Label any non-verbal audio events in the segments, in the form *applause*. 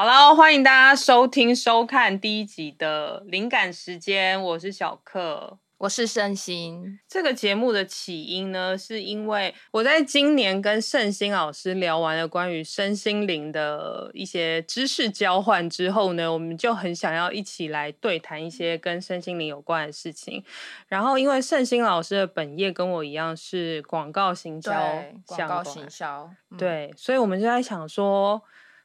好啦，歡迎大家收聽收看第一集的靈感時間。我是小克，我是聖心。這個節目的起因呢，是因為我在今年跟聖心老師聊完了關於身心靈的一些知識交換之後呢，嗯、我們就很想要一起來對談一些跟身心靈有關的事情。然後，因為聖心老師的本業跟我一樣是廣告行銷對，關廣告行銷，嗯、對，所以我們就在想說。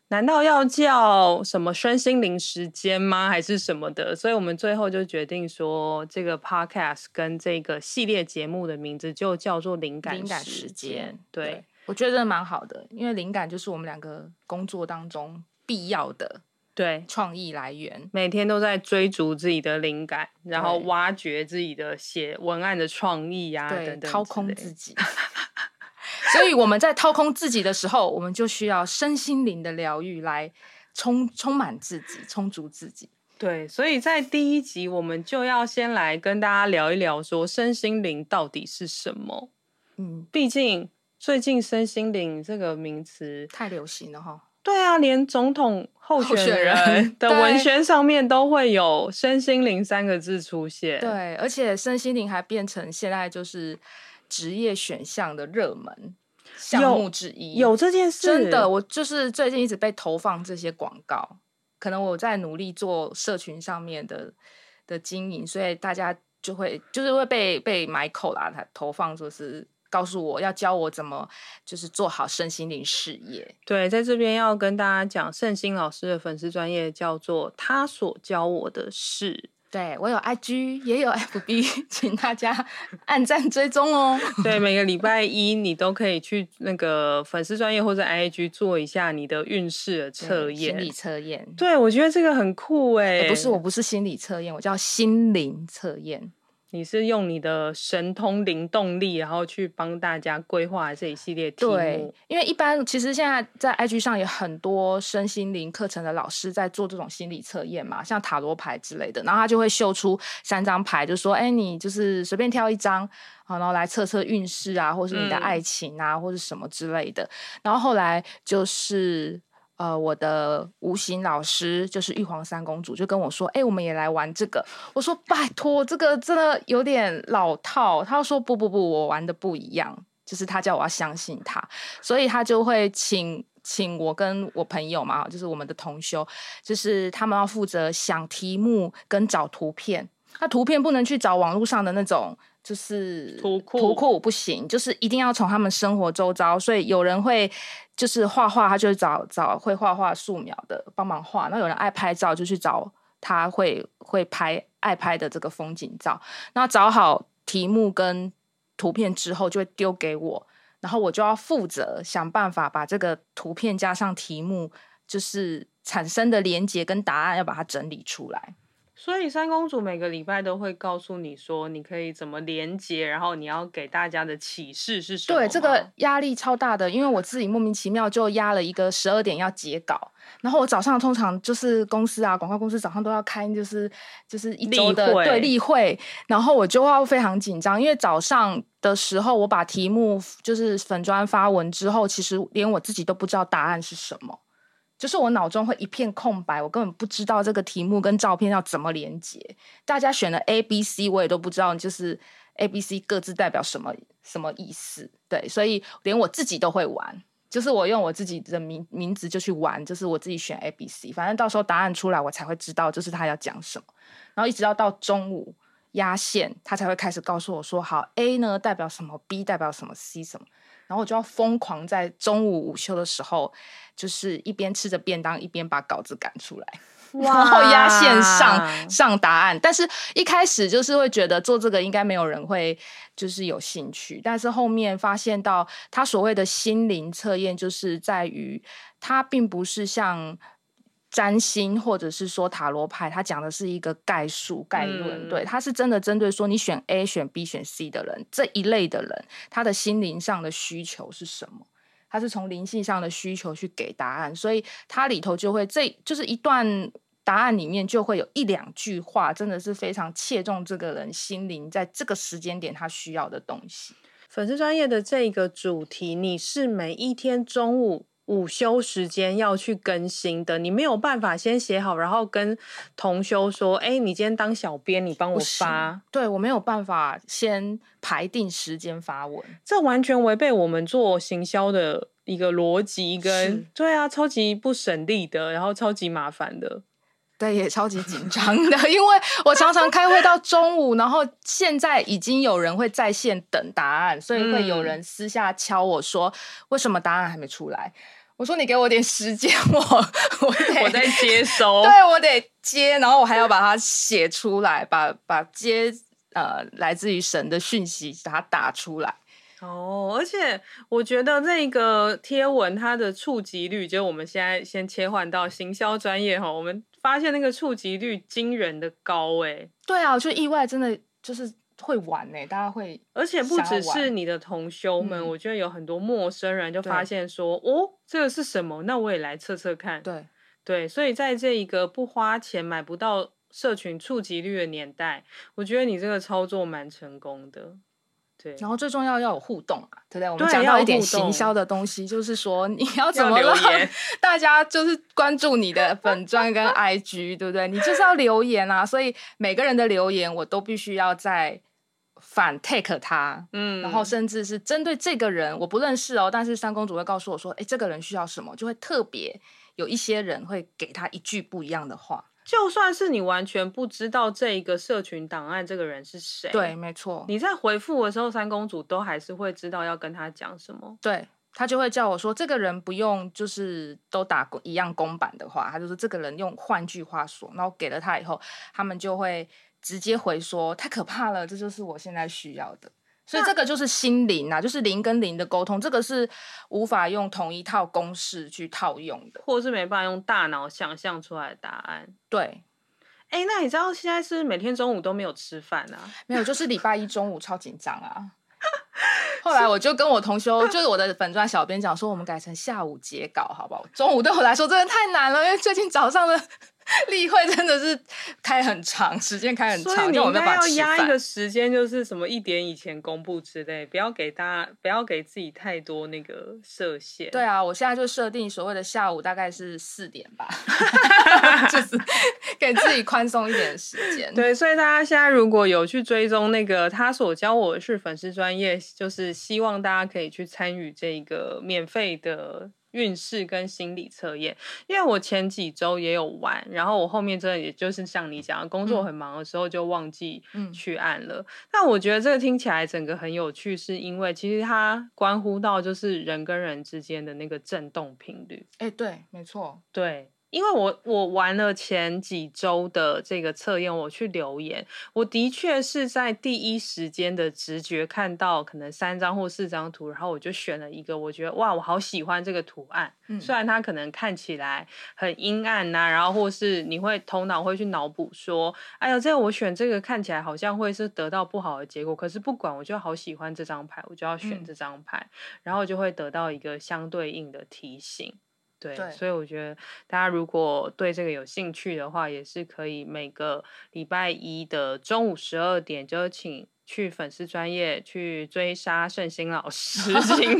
難道要叫什麼“身心靈時間”嗎？還是什麼的？所以我們最後就決定說，這個 podcast 跟這個系列節目的名字就叫做“靈感靈感時間”時間。對，對，我覺得這蠻好的，因為靈感就是我們兩個工作當中必要的，對，創意來源。每天都在追逐自己的靈感，然後挖掘自己的寫文案的創意呀、啊，對掏空自己。 *laughs* *laughs* 所以我們在掏空自己的時候，我們就需要身心靈的療癒來充充滿自己，充足自己。對，所以在第一集，我們就要先來跟大家聊一聊，說身心靈到底是什麼？嗯，畢竟最近身心靈這個名詞太流行了哈。對啊，連總統候選人的文宣上面都會有“身心靈”三個字出現。對，而且身心靈還變成現在就是。職業選項的熱門項目之一，有有這件事，真的。我就是最近一直被投放這些廣告，可能我在努力做社群上面的的經營，所以大家就會就是會被被買口啦，他投放就是告訴我要教我怎麼就是做好身心靈事業。對，在這邊要跟大家講，聖心老師的粉絲專業叫做「他所教我的事」。對，我有 IG，也有 FB，請大家按贊追蹤哦。 *laughs* 對，每個禮拜一你都可以去那個粉絲專頁或者 IG 做一下你的運勢的測驗。心理測驗？對，我覺得這個很酷哎、欸。不是，我不是心理測驗，我叫心靈測驗。你是用你的神通靈動力，然後去幫大家規劃這一系列題目。對，因為一般其實現在在 IG 上有很多身心靈課程的老師在做這種心理測驗嘛，像塔羅牌之類的，然後他就會秀出三張牌，就說：“哎、欸，你就是隨便挑一張，好，然後來測測運勢啊，或是你的愛情啊，嗯、或是什麼之類的。”然後後來就是。呃，我的無形老師就是玉皇三公主就跟我說：“哎、欸，我們也來玩這個。”我說：“拜托，這個真的有點老套。”他說：“不不不，我玩的不一樣。”就是他叫我要相信他，所以他就會請請我跟我朋友嘛，就是我們的同修，就是他們要負責想題目跟找圖片。那圖片不能去找網絡上的那種。就是圖庫圖庫不行，就是一定要從他們生活周遭。所以有人會就是畫畫，他就找找會畫畫素描的幫忙畫。那有人愛拍照，就去找他會會拍愛拍的這個風景照。那找好題目跟圖片之後，就會丟給我，然後我就要負責想辦法把這個圖片加上題目，就是產生的連接跟答案，要把它整理出來。所以三公主每個禮拜都會告訴你說，你可以怎麼連接，然後你要給大家的啟示是什麼？對，這個壓力超大的，因為我自己莫名其妙就壓了一個十二點要截稿，然後我早上通常就是公司啊，廣告公司早上都要開，就是，就是就是一週的，對，對例會，然後我就要非常緊張，因為早上的時候我把題目就是粉專發文之後，其實連我自己都不知道答案是什麼。就是我腦中會一片空白，我根本不知道這個題目跟照片要怎麼連接。大家選的 A、B、C，我也都不知道，就是 A、B、C 各自代表什麼、什麼意思。對，所以連我自己都會玩，就是我用我自己的名名字就去玩，就是我自己選 A、B、C，反正到時候答案出來我才會知道就是他要講什麼。然後一直到到中午壓線，他才會開始告訴我說：“好，A 呢代表什麼？B 代表什麼？C 什麼？”然後我就要瘋狂在中午午休的時候，就是一邊吃着便當，一邊把稿子趕出來，哇然後壓線上上答案。但是一開始就是會覺得做這個應該沒有人會就是有興趣，但是後面發現到他所謂的心靈測驗，就是在於他並不是像。占星或者是說塔羅牌，它講的是一個概述概論，對，它是真的針對說你選 A 選 B 選 C 的人，這一類的人，他的心靈上的需求是什麼？它是從靈性上的需求去給答案，所以它裡頭就會這就是一段答案裡面就會有一兩句話，真的是非常切中這個人心靈在這個時間點他需要的東西。粉絲專業的這個主題，你是每一天中午。午休時間要去更新的，你沒有辦法先寫好，然後跟同修說：“哎、欸，你今天當小編，你幫我發。”對，我沒有辦法先排定時間發文，這完全違背我們做行銷的一個邏輯跟，是對啊，超級不省力的，然後超級麻煩的。對，也超級緊張的，因為我常常開會到中午， *laughs* 然後現在已經有人會在線等答案，所以會有人私下敲我說：“為什麼答案還沒出來？”我說：“你給我點時間，我我 *laughs* 我在接收，對我得接，然後我還要把它寫出來，把把接呃來自於神的訊息，把它打出來。”哦，而且我覺得那個貼文它的觸及率，就我們現在先切換到行銷專業哈，我們發現那個觸及率驚人的高哎，欸，對啊，就意外真的就是會玩哎，欸，大家會，而且不只是你的同修們，嗯，我覺得有很多陌生人就發現說對，哦，這個是什麼？那我也來測測看。對對，所以在這一個不花錢買不到社群觸及率的年代，我覺得你這個操作蠻成功的。對然後最重要要有互動啊，對對？對，我們講到一點行銷的東西，就是說你要怎麼讓大家就是關注你的粉專跟 IG，對不對？你就是要留言啊，所以每個人的留言我都必須要在反 take 他。嗯，然後甚至是針對這個人我不認識哦，但是三公主會告訴我說，哎、欸，這個人需要什麼，就會特別有一些人會給他一句不一樣的話。就算是你完全不知道這一個社群檔案這個人是誰？對，沒錯。你在回覆的時候，三公主都還是會知道要跟他講什麼。對，他就會叫我說，這個人不用就是都打一樣公版的話，他就是這個人用換句話說，然後給了他以後，他們就會直接回說，太可怕了，這就是我現在需要的。所以這個就是心靈啊，那就是靈跟靈的溝通，這個是無法用同一套公式去套用的，或者是沒辦法用大腦想象出來的答案。對，哎、欸，那你知道現在是不是每天中午都沒有吃飯啊？沒有，就是禮拜一中午超緊張啊。 *laughs* 後來我就跟我同修，就是我的粉專小編講說，我們改成下午截稿好不好？中午對我來說真的太難了，因為最近早上的。 *laughs* 例會真的是開很長，時間開很長，我們要壓一個時間，就是什麼一點以前公布之類，不要給大家，不要給自己太多那個設限。對啊，我現在就設定所謂的下午大概是四點吧， *laughs* 就是給自己寬鬆一點的時間。 *laughs* 對，所以大家現在如果有去追蹤那個他所教我的是粉絲專頁，就是希望大家可以去參與這一個免費的運勢跟心理測驗，因為我前幾周也有玩，然後我後面真的也就是像你講，工作很忙的時候就忘記去按了。嗯、但我覺得這個聽起來整個很有趣，是因為其實它關乎到就是人跟人之間的那個震動頻率。哎、欸，對，沒錯，對。因為我我玩了前幾周的這個測驗，我去留言，我的確是在第一時間的直覺看到可能三張或四張圖，然後我就選了一個，我覺得哇，我好喜歡這個圖案，雖然它可能看起來很陰暗吶、啊，然後或是你會頭腦會去腦補說，哎呀，這個我選這個看起來好像會是得到不好的結果，可是不管，我就好喜歡這張牌，我就要選這張牌，嗯、然後就會得到一個相對應的提醒。對，對，所以我覺得大家如果對這個有興趣的話，嗯、也是可以每個禮拜一的中午十二點就請去粉絲專業去追殺聖心老師 *laughs* 請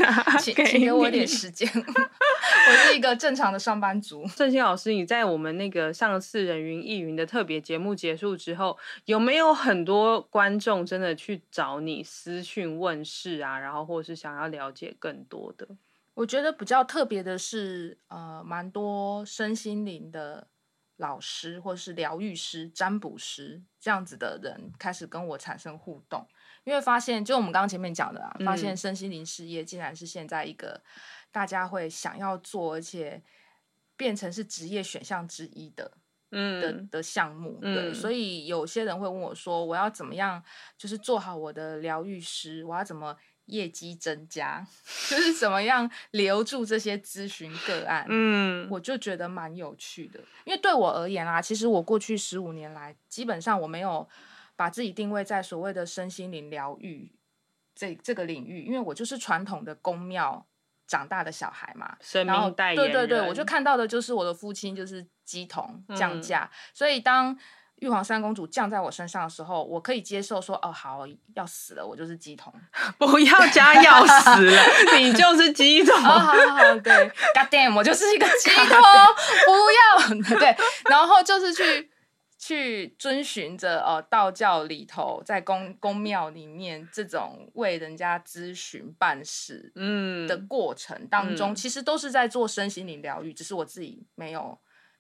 請，請給我點時間， *laughs* 我是一個正常的上班族。 *laughs* 聖心老師，你在我們那個上次人云亦云的特別節目結束之後，有沒有很多觀眾真的去找你私訊問事啊？然後或者是想要了解更多的？我覺得比較特別的是，呃，蠻多身心靈的老師，或者是療癒師、占卜師這樣子的人，開始跟我產生互動，因為發現，就我們剛剛前面講的啊，發現身心靈事業竟然是現在一個大家會想要做，而且變成是職業選項之一的，嗯的的項目，對，所以有些人會問我說，我要怎麼樣，就是做好我的療癒師，我要怎麼？業績增加，就是怎麼樣留住這些諮詢個案。 *laughs* 嗯，我就覺得蠻有趣的，因為對我而言啊，其實我過去十五年來，基本上我沒有把自己定位在所謂的身心靈療癒這這個領域，因為我就是傳統的宮廟長大的小孩嘛。然後，對對對，我就看到的就是我的父親就是乩童降駕。嗯、所以當。玉皇三公主降在我身上的時候，我可以接受說：“哦，好，要死了，我就是乩童。”不要加要死了， *laughs* *laughs* 你就是乩童。好、 *laughs* oh, 好好，對 God damn, 我就是一個乩童。God damn. 不要 *laughs* 對，然後就是去去遵循着呃道教裡頭在宮宮廟裡面這種為人家諮詢辦事嗯的過程當中，嗯、其實都是在做身心靈療癒，嗯、只是我自己沒有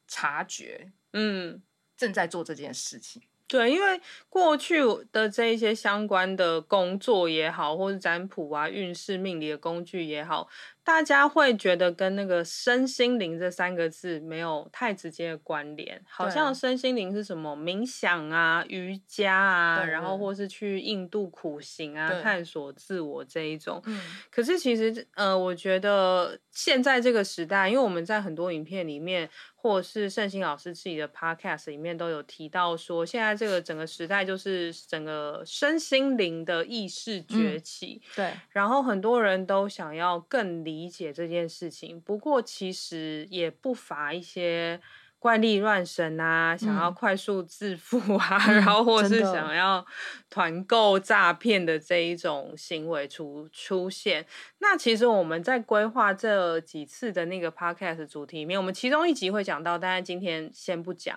察覺。嗯。正在做這件事情，對，因為過去的這一些相關的工作也好，或是占卜啊、運勢命理的工具也好。大家會覺得跟那個身心靈這三個字沒有太直接的關聯，好像身心靈是什麼？冥想啊、瑜伽啊，對然後或是去印度苦行啊，探索自我這一種。對可是其實，呃，我覺得現在這個時代，因為我們在很多影片裡面，或者是聖心老師自己的 podcast 裡面都有提到說，現在這個整個時代就是整個身心靈的意識崛起。嗯、對，然後很多人都想要更理。理解這件事情，不過其實也不乏一些怪力亂神啊，嗯、想要快速致富啊，嗯、然後或是想要團購詐騙的這一種行為出出現。那其實我們在規劃這幾次的那個 podcast 主題裡面，我們其中一集會講到，但是今天先不講。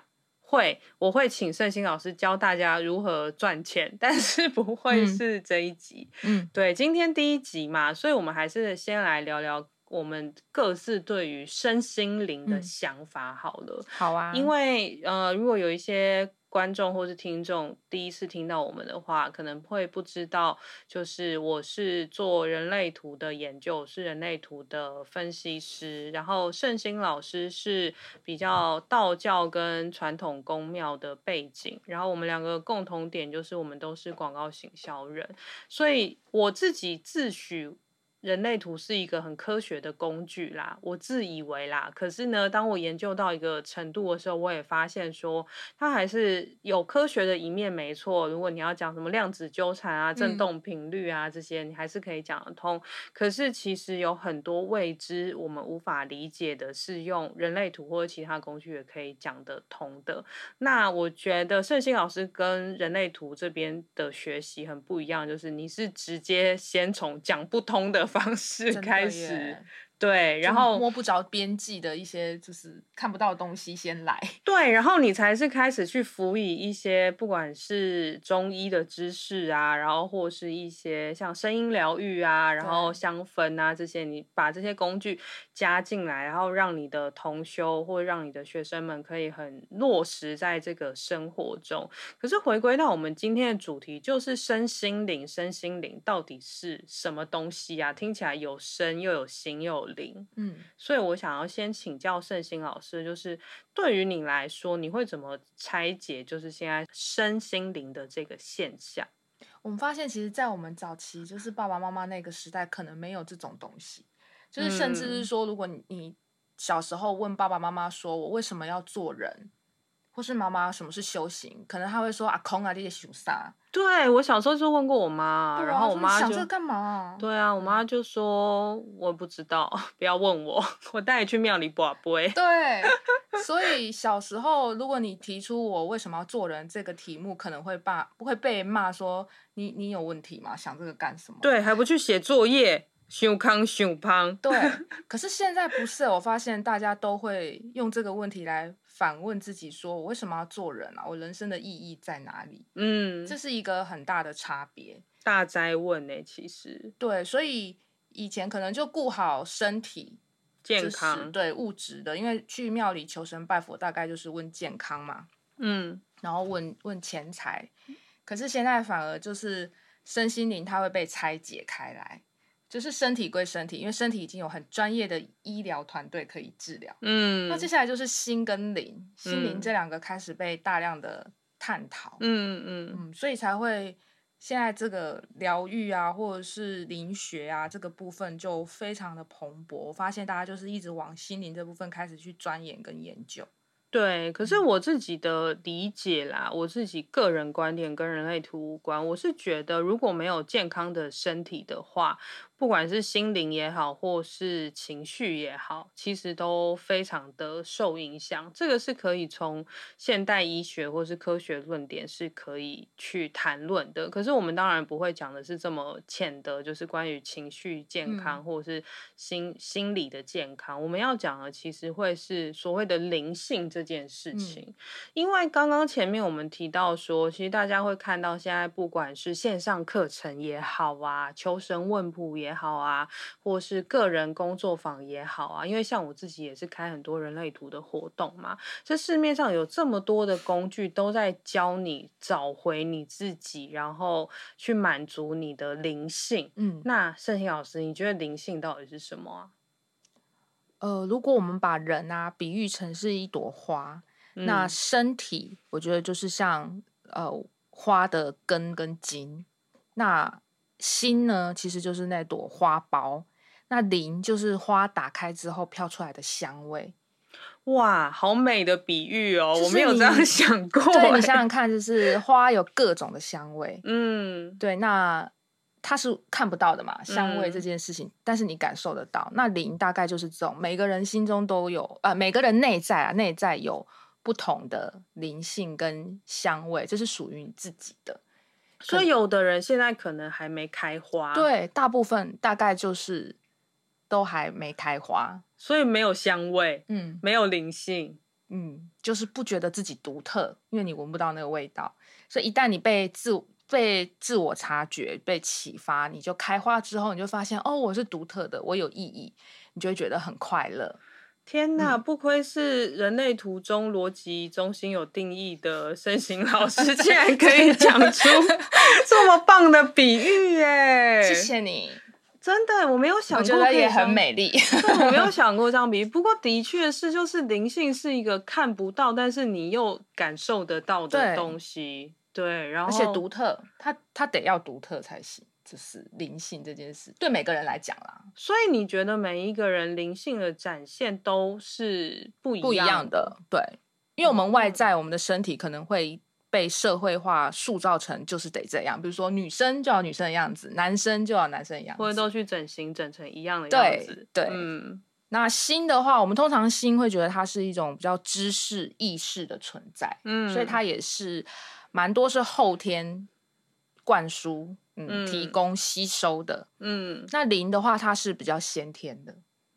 會，我會請聖心老師教大家如何賺錢，但是不會是這一集。嗯，嗯對，今天第一集嘛，所以我們還是先來聊聊我們各自對於身心靈的想法好了。嗯、好啊，因為呃，如果有一些。觀眾或是聽眾第一次聽到我們的話，可能會不知道，就是我是做人類圖的研究，是人類圖的分析師，然後聖心老師是比較道教跟傳統宮廟的背景，然後我們兩個共同點就是我們都是廣告行銷人，所以我自己自詡。人類圖是一個很科學的工具啦，我自以為啦，可是呢，當我研究到一個程度的時候，我也發現說，它還是有科學的一面，沒錯。如果你要講什麼量子糾纏啊、振動頻率啊、嗯、這些，你還是可以講得通。可是其實有很多未知，我們無法理解的，是用人類圖或者其他工具也可以講得通的。那我覺得聖心老師跟人類圖這邊的學習很不一樣，就是你是直接先從講不通的。方式開始，對，然後摸不着邊際的一些，就是看不到的東西先來，對，然後你才是開始去輔以一些，不管是中醫的知識啊，然後或是一些像聲音療癒啊，然後香氛啊這些，對你把這些工具。加進來，然後讓你的同修或讓你的學生們可以很落實在這個生活中。可是回歸到我們今天的主題，就是身心靈，身心靈到底是什麼東西啊？聽起來有身又有心又有靈，嗯。所以我想要先請教聖心老師，就是對於你來說，你會怎麼拆解？就是現在身心靈的這個現象，我們發現，其實，在我們早期，就是爸爸媽媽那個時代，可能沒有這種東西。就是甚至是說，如果你，你小時候問爸爸媽媽說“我為什麼要做人”，或是媽媽什麼是修行，可能他會說“阿空啊，這些修啥？”對，我小時候就問過我媽，啊、然後我媽就想這個幹嘛？對啊，我媽就說我不知道，不要問我，我帶你去廟裡拜拜。對，所以小時候如果你提出“我為什麼要做人”這個題目，可能會不會被罵說“你你有問題嗎？想這個幹什麼？”對，還不去寫作業。想康想胖，對，可是現在不是。我發現大家都會用這個問題來反問自己，說我為什麼要做人啊？我人生的意義在哪裡？嗯，這是一個很大的差別。大哉問呢，其實對，所以以前可能就顧好身體健康，對物質的，因為去廟裡求神拜佛，大概就是問健康嘛，嗯，然後問問錢財。可是現在反而就是身心靈，它會被拆解開來。就是身體歸身體，因為身體已經有很專業的醫療團隊可以治療。嗯，那接下來就是心跟靈，心靈這兩個開始被大量的探討。嗯嗯嗯，所以才會現在這個療癒啊，或者是靈學啊，這個部分就非常的蓬勃。我發現大家就是一直往心靈這部分開始去鑽研跟研究。對，可是我自己的理解啦，我自己個人觀點跟人類圖無關。我是覺得，如果沒有健康的身體的話，不管是心靈也好，或是情緒也好，其實都非常的受影響。這個是可以從現代醫學或是科學論點是可以去談論的。可是我們當然不會講的是這麼淺的，就是關於情緒健康、嗯、或是心心理的健康。我們要講的其實會是所謂的靈性這件事情。嗯、因為剛剛前面我們提到說，其實大家會看到現在不管是線上課程也好啊，求神問卜也好，也好啊，或是個人工作坊也好啊，因為像我自己也是開很多人類圖的活動嘛。這市面上有這麼多的工具，都在教你找回你自己，然後去滿足你的靈性。嗯，那聖心老師，你覺得靈性到底是什麼啊？呃，如果我們把人啊比喻成是一朵花，嗯、那身體我覺得就是像呃花的根跟莖，那。心呢，其實就是那朵花苞，那靈就是花打開之後飄出來的香味。哇，好美的比喻哦！我沒有這樣想過。對，你想想看，就是花有各種的香味，嗯，對，那它是看不到的嘛，香味這件事情，嗯、但是你感受得到。那靈大概就是這種，每個人心中都有，呃，每個人內在啊，內在有不同的靈性跟香味，這、就是屬於你自己的。所以有的人現在可能還沒開花，對，大部分大概就是都還沒開花，所以沒有香味，嗯，沒有靈性，嗯，就是不覺得自己獨特，因為你聞不到那個味道。所以一旦你被自被自我察覺、被啟發，你就開花之後，你就發現哦，我是獨特的，我有意義，你就會覺得很快樂。天哪，不愧是人類圖中邏輯中心有定義的身形老師，竟然可以講出這麼棒的比喻哎、欸！謝謝你，真的我沒有想過這樣，我覺得也很美麗，我沒有想過這樣比喻。不過，的確是，就是靈性是一個看不到，但是你又感受得到的東西。對，對，然後而且獨特，它它得要獨特才行。就是靈性這件事，對每個人來講啦。所以你覺得每一個人靈性的展現都是不一樣的？不一樣的，對？因為我們外在我們的身體可能會被社會化塑造成就是得這樣，比如說女生就要女生的樣子，男生就要男生的樣子，或者都去整形整成一樣的樣子。對，對。嗯。那心的話，我們通常心會覺得它是一種比較知識意識的存在，嗯，所以它也是蠻多是後天灌輸，嗯，提供吸收的，嗯，那靈的話，它是比較先天的，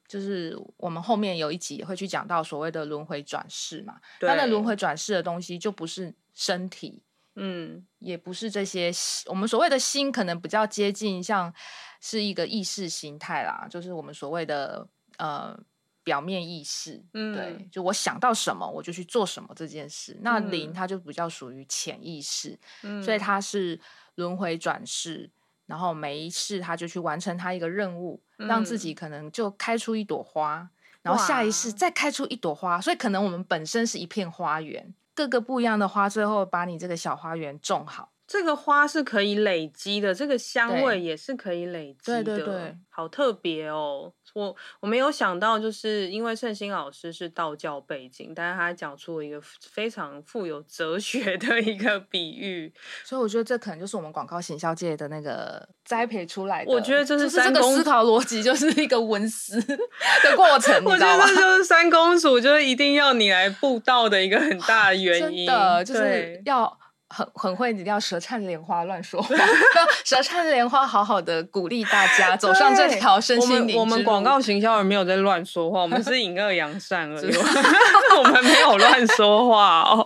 就是我們後面有一集也會去講到所謂的輪迴轉世嘛，對那的輪迴轉世的東西就不是身體，嗯，也不是這些我們所謂的心，可能比較接近像是一個意識形態啦，就是我們所謂的呃表面意識，嗯、對，就我想到什麼我就去做什麼這件事，那靈它就比較屬於潛意識，嗯、所以它是。輪回轉世，然後每一世他就去完成他一個任務，嗯、讓自己可能就開出一朵花，然後下一世再開出一朵花，哇所以可能我們本身是一片花園，各個不一樣的花，最後把你這個小花園種好。這個花是可以累積的，這個香味也是可以累積的，對，對對對，好特別哦！我我沒有想到，就是因為聖心老師是道教背景，但是他講出了一個非常富有哲學的一個比喻，所以我覺得這可能就是我們廣告行銷界的那個栽培出來的。我覺得這是三公主，就是這個思考邏輯就是一個文思的過程。我覺得這就是三公主，就是一定要你來佈道的一個很大的原因，的就是對要。很很會，你一定要舌燦蓮花亂說話， *laughs* 舌燦蓮花，好好的鼓勵大家走上這條身心靈。我們我們廣告行銷人沒有在亂說話， *laughs* 我們是引惡揚善而已， *laughs* *laughs* *laughs* 我們沒有亂說話哦。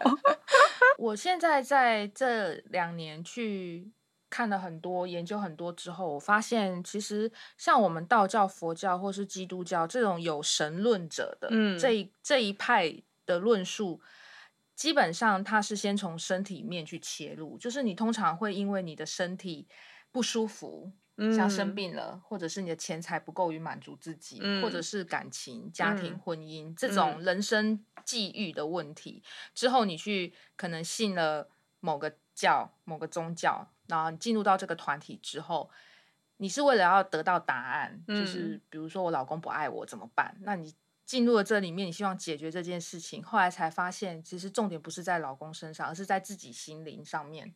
*laughs* 我現在在這兩年去看了很多研究，很多之後，我發現其實像我們道教、佛教或是基督教這種有神論者的，嗯，這，這這一派的論述。基本上，他是先從身體面去切入，就是你通常會因為你的身體不舒服，嗯、像生病了，或者是你的錢財不夠於滿足自己，嗯、或者是感情、家庭、嗯、婚姻這種人生際遇的問題，嗯、之後你去可能信了某個教、某個宗教，然後你進入到這個團體之後，你是為了要得到答案，嗯、就是比如說我老公不愛我怎麼辦？那你。進入了這裡面，你希望解決這件事情，後來才發現其實重點不是在老公身上，而是在自己心靈上面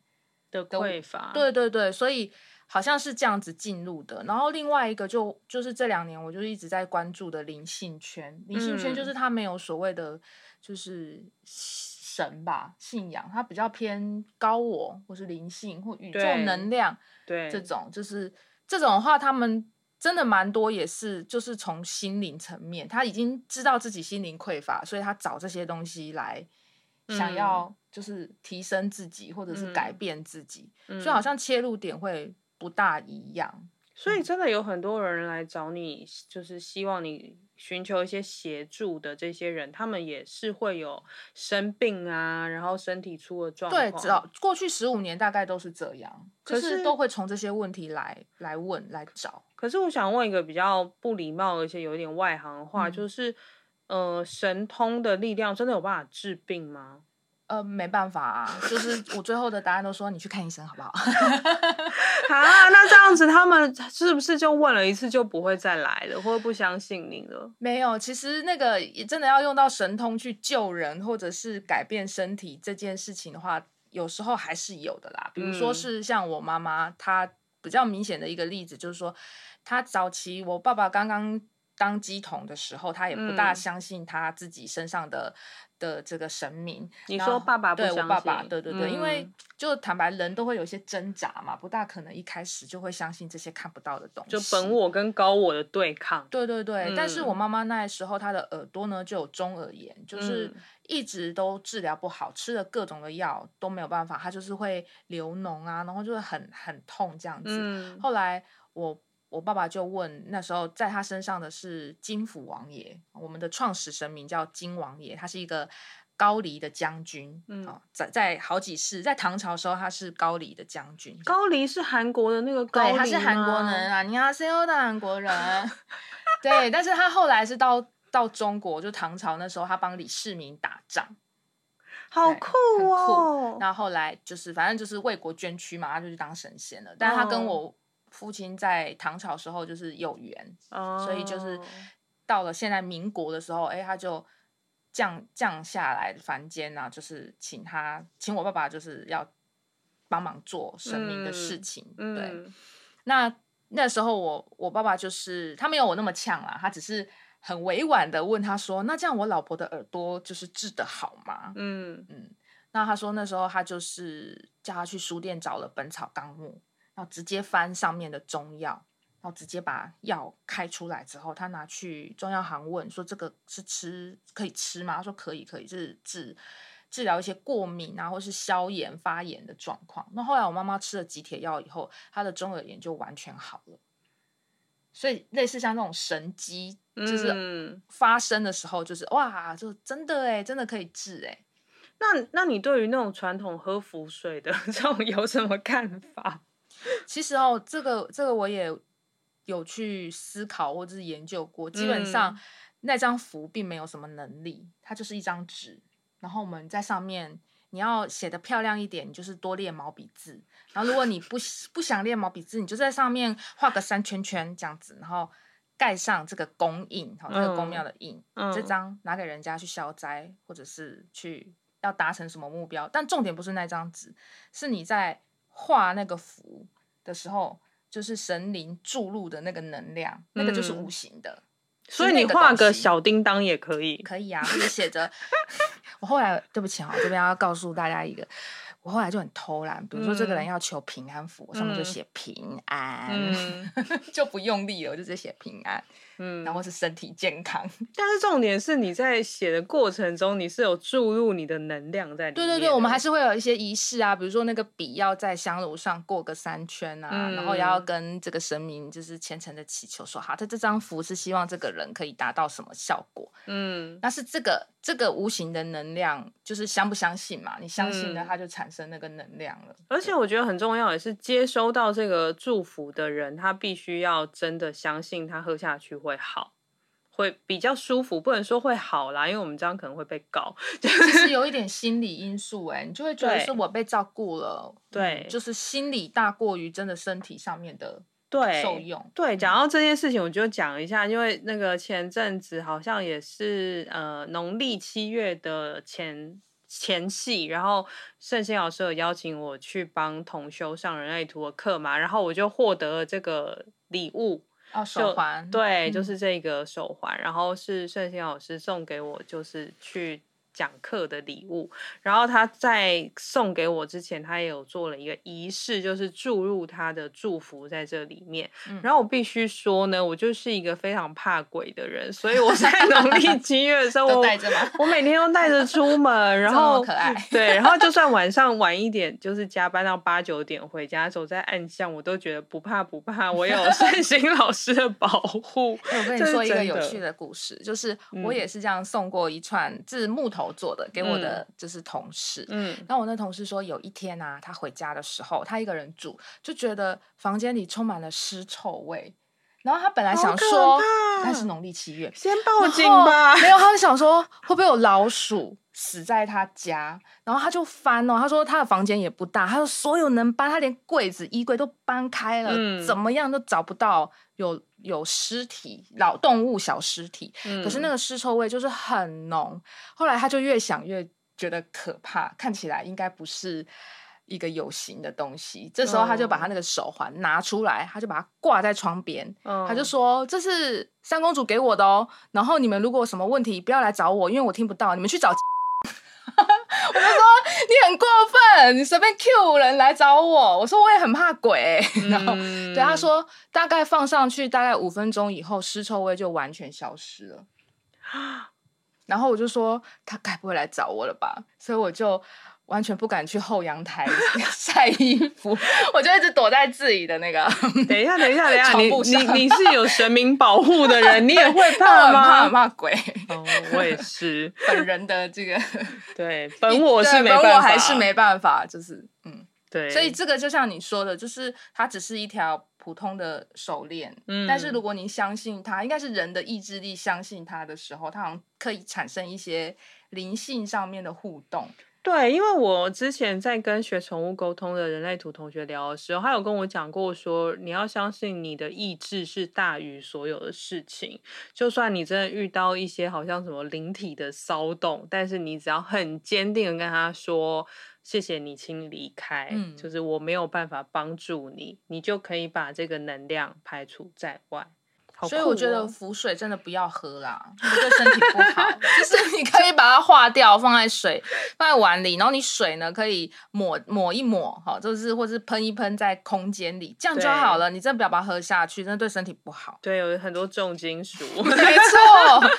的的匱乏。對對對，所以好像是這樣子進入的。然後另外一個就就是這兩年我就一直在關注的靈性圈，靈性圈就是它沒有所謂的就是神吧、嗯、信仰，它比較偏高我或是靈性或宇宙能量，對，對這種就是這種的話，他們。真的蠻多，也是就是從心靈層面，他已經知道自己心靈匱乏，所以他找這些東西來，想要就是提升自己或者是改變自己，就、嗯、好像切入點會不大一樣。嗯、所以真的有很多人來找你，就是希望你。尋求一些協助的這些人，他們也是會有生病啊，然後身體出了狀況。對，知道過去十五年大概都是這樣，可是，就是都會從這些問題來來問來找。可是我想問一個比較不禮貌而且有一點外行的話，嗯、就是，呃，神通的力量真的有辦法治病嗎？呃，沒辦法啊，就是我最後的答案都說，你去看醫生好不好？好 *laughs* 啊，那這樣子他們是不是就問了一次就不會再來了，或者不相信你了？沒有，其實那個真的要用到神通去救人或者是改變身體這件事情的話，有時候還是有的啦。比如說是像我媽媽，她比較明顯的一個例子就是說，她早期我爸爸剛剛。當乩童的時候，他也不大相信他自己身上的、嗯、的這個神明。你說爸爸不相信？對，我爸爸，對對對，嗯、因為就坦白，人都會有一些掙扎嘛，不大可能一開始就會相信這些看不到的東西。就本我跟高我的對抗。對對對，嗯、但是我媽媽那時候，她的耳朵呢就有中耳炎，就是一直都治療不好，吃了各種的藥都沒有辦法，她就是會流膿啊，然後就會很很痛這樣子。嗯、後來我。我爸爸就問，那時候在他身上的是金府王爺，我們的創始神名叫金王爺，他是一個高麗的將軍，嗯，哦、在在好幾世，在唐朝時候他是高麗的將軍，高麗是韓國的那個高麗，黎他是韓國人啊，你啊 CEO 的韓國人，對，但是他後來是到到中國，就唐朝那時候他幫李世民打仗，好酷哦，那後來就是反正就是為國捐軀嘛，他就去當神仙了，哦、但是他跟我父親在唐朝時候就是有緣，oh. 所以就是到了現在民國的時候，哎、欸，他就降降下來凡間吶、啊，就是請他請我爸爸就是要幫忙做神明的事情。嗯、對，嗯、那那時候我我爸爸就是他沒有我那麼嗆啦，他只是很委婉的問他說：“那這樣我老婆的耳朵就是治得好嗎？”嗯嗯，那他說那時候他就是叫他去書店找了《本草綱目》。然後直接翻上面的中藥，然後直接把藥開出來之後，他拿去中藥行問說：“這個是吃可以吃嗎？”他說：“可以，可以，就是治治療一些過敏啊，或是消炎發炎的狀況。”那後來我媽媽吃了幾帖藥以後，她的中耳炎就完全好了。所以類似像那種神蹟，就是發生的時候，就是、嗯、哇，就真的哎，真的可以治哎。那那你對於那種傳統喝符水的這種 *laughs* 有什麼看法？ *laughs* 其實哦，這個這個我也有去思考或者是研究過。基本上那張符並沒有什麼能力，它就是一張紙。然後我們在上面，你要寫得漂亮一點，你就是多練毛筆字。然後如果你不不想練毛筆字，你就在上面畫個三圈圈這樣子，然後蓋上這個宮印，好，這個宮廟的印。嗯，這張拿給人家去消災，或者是去要達成什麼目標。但重點不是那張紙，是你在。畫那個符的時候，就是神靈注入的那個能量，嗯、那個就是無形的。所以你畫個小叮噹也可以。可以啊，就寫着。 *laughs* 我後來，對不起啊，這邊要告訴大家一個，我後來就很偷懶。比如說，這個人要求平安符，嗯、我上面就寫平安，嗯、 *laughs* 就不用力了，我就直接寫平安。嗯，然後是身體健康， *laughs* 但是重點是你在寫的過程中，你是有注入你的能量在裡面。對對對，對我們還是會有一些儀式啊，比如說那個筆要在香爐上過個三圈啊，嗯、然後也要跟這個神明就是虔誠的祈求，說好，他這張符是希望這個人可以達到什麼效果。嗯，但是這個這個無形的能量，就是相不相信嘛？你相信的，它就產生那個能量了。嗯、對而且我覺得很重要也是接收到這個祝福的人，他必須要真的相信，他喝下去會。會好，會比較舒服，不能說會好啦，因為我們這樣可能會被告。就 *laughs* 是有一點心理因素、欸，哎，你就會覺得是我被照顧了，對、嗯，就是心理大過於真的身體上面的受用。對，對，講到這件事情，我就講一下，嗯、因為那個前陣子好像也是呃農曆七月的前、前夕，然後聖心老師有邀請我去幫同修上人類圖的課嘛，然後我就獲得了這個禮物。哦，手環對，就是這個手環，嗯、然後是聖心老師送給我，就是去。講課的禮物，然後他在送給我之前，他也有做了一個儀式，就是注入他的祝福在這裡面。嗯、然後我必須說呢，我就是一個非常怕鬼的人，所以我在農曆七月的時候我，我 *laughs* 我每天都帶着出門， *laughs* 然後麼麼可愛對，然後就算晚上晚一點，就是加班到八九點回家走在暗巷，我都覺得不怕不怕，我有聖心老師的保護 *laughs* 的、欸。我跟你說一個有趣的故事，就是我也是這樣送過一串字、嗯、木頭。做的給我的就是同事，嗯，那我那同事說有一天啊，他回家的時候，他一個人住，就覺得房間裡充滿了屍臭味，然後他本來想說，那是農曆七月，先報警吧，沒有，他就想說會不會有老鼠死在他家，然後他就翻哦。他說他的房間也不大，他說所有能搬，他連櫃子、衣櫃都搬開了，嗯、怎麼樣都找不到有有屍體，老動物小屍體。嗯、可是那個屍臭味就是很濃。後來他就越想越覺得可怕，看起來應該不是一個有形的東西。這時候他就把他那個手環拿出來，他就把它掛在窗邊，嗯、他就說：“這是三公主給我的哦。然後你們如果有什麼問題，不要來找我，因為我聽不到，你們去找。” *laughs* 我就說你很過分，你隨便 Q 人來找我。我說我也很怕鬼，嗯、然後對他說大概，放上去大概五分鐘以後，屍臭味就完全消失了。然後我就說他該不會來找我了吧？所以我就。完全不敢去後陽台曬衣服， *laughs* *laughs* 我就一直躲在自己的那個。等一下，等一下，等一下，你你你是有神明保護的人， *laughs* 對你也會怕嗎？很怕怕鬼、嗯。我也是。 *laughs* 本人的這個對, *laughs* 對本我是沒辦法，還是沒辦法，就是嗯對。所以這個就像你說的，就是它只是一條普通的手鏈，嗯、但是如果您相信它，應該是人的意志力相信它的時候，它好像可以產生一些靈性上面的互動。對，因為我之前在跟學寵物溝通的人類圖同學聊的時候，他有跟我講過，說你要相信你的意志是大於所有的事情。就算你真的遇到一些好像什麼靈體的騷動，但是你只要很堅定的跟他說：“謝謝你，請離開。”嗯，就是我沒有辦法幫助你，你就可以把這個能量排除在外。哦、所以我覺得符水真的不要喝啦， *laughs* 就對身體不好。就是你可以把它化掉，放在水，放在碗裡，然後你水呢可以抹抹一抹，哈、喔，就是或者噴一噴在空間裡，這樣就好了。對你真的不要把它喝下去，真的對身體不好。對，有很多重金屬，我 *laughs* 們沒錯，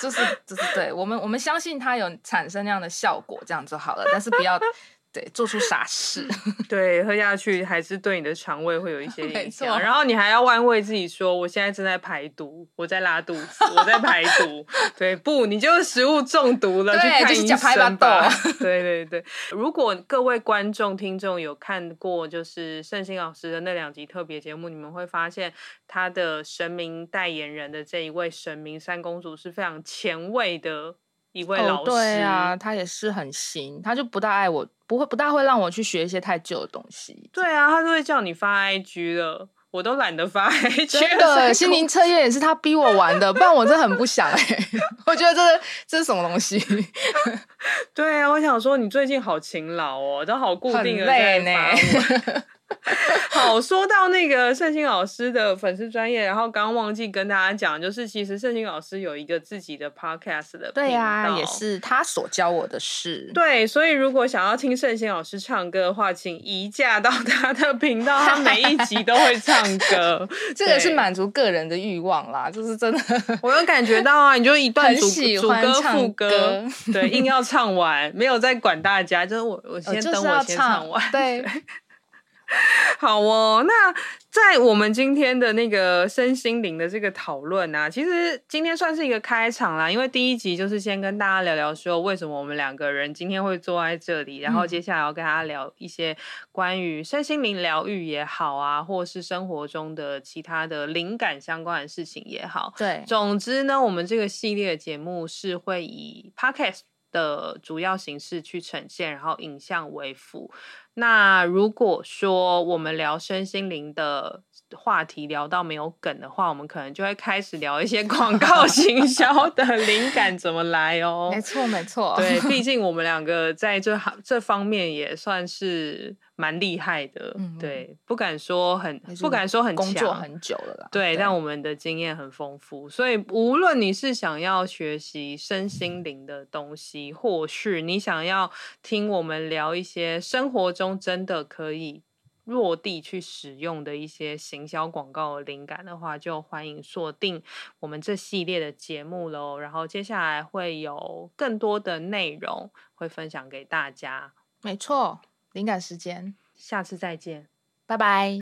就是就是對。我們我們相信它有產生那樣的效果，這樣就好了。但是不要。對，做出傻事， *laughs* 對，喝下去還是對你的腸胃會有一些影響。沒錯然後你還要安慰自己說，我現在正在排毒，我在拉肚子，我在排毒。 *laughs* 對，不，你就是食物中毒了，去對看醫生吧。對對對， *laughs* 如果各位觀眾聽眾有看過就是聖心老師的那兩集特別節目，你們會發現他的神明代言人的這一位神明三公主是非常前衛的一位老師。哦、對啊，他也是很行，他就不大愛我。不會不大會讓我去學一些太舊的東西。對啊，他都會叫你發 IG 的，我都懶得發 IG 了。真的，空心靈測驗也是他逼我玩的，不然我真的很不想哎、欸。 *laughs* 我覺得這是 *laughs* 這是什麼東西？對啊，我想說你最近好勤勞哦，都好固定的在發。累 *laughs* *laughs* 好，說到那個聖心老師的粉絲專業，然後剛剛忘記跟大家講，就是其實聖心老師有一個自己的 podcast 的，對啊，也是他所教我的事。對，所以如果想要聽聖心老師唱歌的話，請移駕到他的頻道，他每一集都會唱歌。 *laughs* 對這個是滿足個人的慾望啦，就是真的對，我有感覺到啊，你就一段主歌主歌副歌，唱歌 *laughs* 對，硬要唱完，沒有在管大家，就是我我先等我先唱完。哦就是、唱對。好哦，那在我們今天的那個身心靈的這個討論啊，其實今天算是一個開場啦。因為第一集就是先跟大家聊聊說為什麼我們兩個人今天會坐在這裡，嗯、然後接下來要跟大家聊一些關於身心靈療癒也好啊，或是生活中的其他的靈感相關的事情也好。對，總之呢，我們這個系列節目是會以 Podcast 的主要形式去呈現，然後影像為輔。那如果說我們聊身心靈的話題聊到沒有梗的話，我們可能就會開始聊一些廣告行銷的靈感怎麼來哦、喔。 *laughs* 沒錯，沒錯，對，畢竟我們兩個在這行，這方面也算是蠻厲害的。 *laughs* 對，不敢說很，不敢說很強，工作很久了啦。對，對但我們的經驗很豐富，所以無論你是想要學習身心靈的東西，或是你想要聽我們聊一些生活。中真的可以落地去使用的一些行銷廣告靈感的話，就歡迎鎖定我們這系列的節目嘍。然後接下來會有更多的內容會分享給大家。沒錯，靈感時間，下次再見，拜拜。